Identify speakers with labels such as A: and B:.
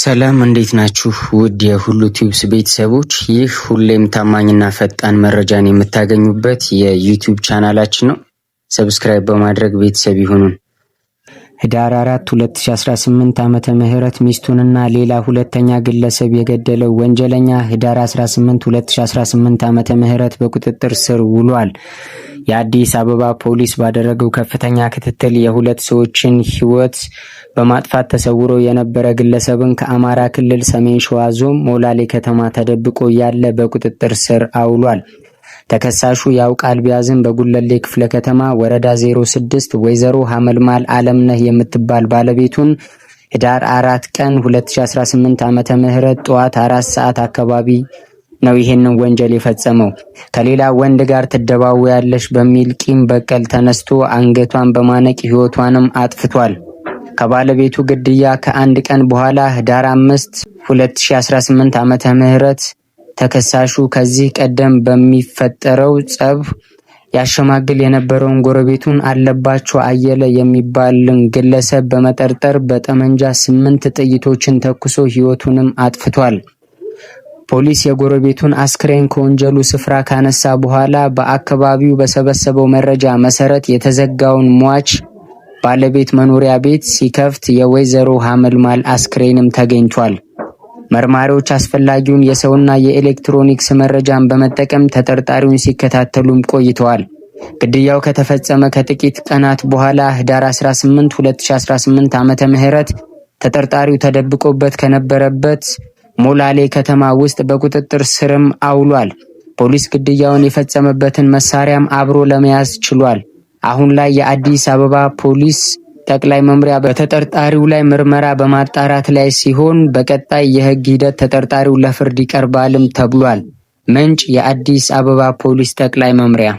A: ሰላም እንዴት ናችሁ? ውድ የሁሉ ቲዩብስ ቤተሰቦች ይህ ሁሌም ታማኝና ፈጣን መረጃን የምታገኙበት የዩቲዩብ ቻናላችን ነው። ሰብስክራይብ በማድረግ ቤተሰብ ይሁኑን። ህዳር 4 2018 ዓመተ ምህረት ሚስቱንና ሌላ ሁለተኛ ግለሰብ የገደለው ወንጀለኛ ህዳር 18 2018 ዓመተ ምህረት በቁጥጥር ስር ውሏል። የአዲስ አበባ ፖሊስ ባደረገው ከፍተኛ ክትትል የሁለት ሰዎችን ህይወት በማጥፋት ተሰውሮ የነበረ ግለሰብን ከአማራ ክልል ሰሜን ሸዋ ዞን ሞላሌ ከተማ ተደብቆ ያለ በቁጥጥር ስር አውሏል። ተከሳሹ ያውቃል ቢያዝን በጉለሌ ክፍለ ከተማ ወረዳ 06 ወይዘሮ ሀመልማል አለምነህ የምትባል ባለቤቱን ህዳር አራት ቀን 2018 ዓ.ም ጠዋት አራት ሰዓት አካባቢ ነው ይሄንን ወንጀል የፈጸመው። ከሌላ ወንድ ጋር ትደባወያለሽ በሚል ቂም በቀል ተነስቶ አንገቷን በማነቅ ህይወቷንም አጥፍቷል። ከባለቤቱ ግድያ ከአንድ ቀን በኋላ ህዳር 5 2018 ዓመተ ምህረት ተከሳሹ ከዚህ ቀደም በሚፈጠረው ጸብ ያሸማግል የነበረውን ጎረቤቱን አለባቸው አየለ የሚባልን ግለሰብ በመጠርጠር በጠመንጃ ስምንት ጥይቶችን ተኩሶ ህይወቱንም አጥፍቷል። ፖሊስ የጎረቤቱን አስክሬን ከወንጀሉ ስፍራ ካነሳ በኋላ በአካባቢው በሰበሰበው መረጃ መሰረት የተዘጋውን ሟች ባለቤት መኖሪያ ቤት ሲከፍት የወይዘሮ ሐመልማል አስክሬንም ተገኝቷል። መርማሪዎች አስፈላጊውን የሰውና የኤሌክትሮኒክስ መረጃን በመጠቀም ተጠርጣሪውን ሲከታተሉም ቆይተዋል። ግድያው ከተፈጸመ ከጥቂት ቀናት በኋላ ህዳር 18 2018 ዓመተ ምህረት ተጠርጣሪው ተደብቆበት ከነበረበት ሞላሌ ከተማ ውስጥ በቁጥጥር ስርም አውሏል። ፖሊስ ግድያውን የፈጸመበትን መሳሪያም አብሮ ለመያዝ ችሏል። አሁን ላይ የአዲስ አበባ ፖሊስ ጠቅላይ መምሪያ በተጠርጣሪው ላይ ምርመራ በማጣራት ላይ ሲሆን በቀጣይ የህግ ሂደት ተጠርጣሪው ለፍርድ ይቀርባልም ተብሏል። ምንጭ የአዲስ አበባ ፖሊስ ጠቅላይ መምሪያ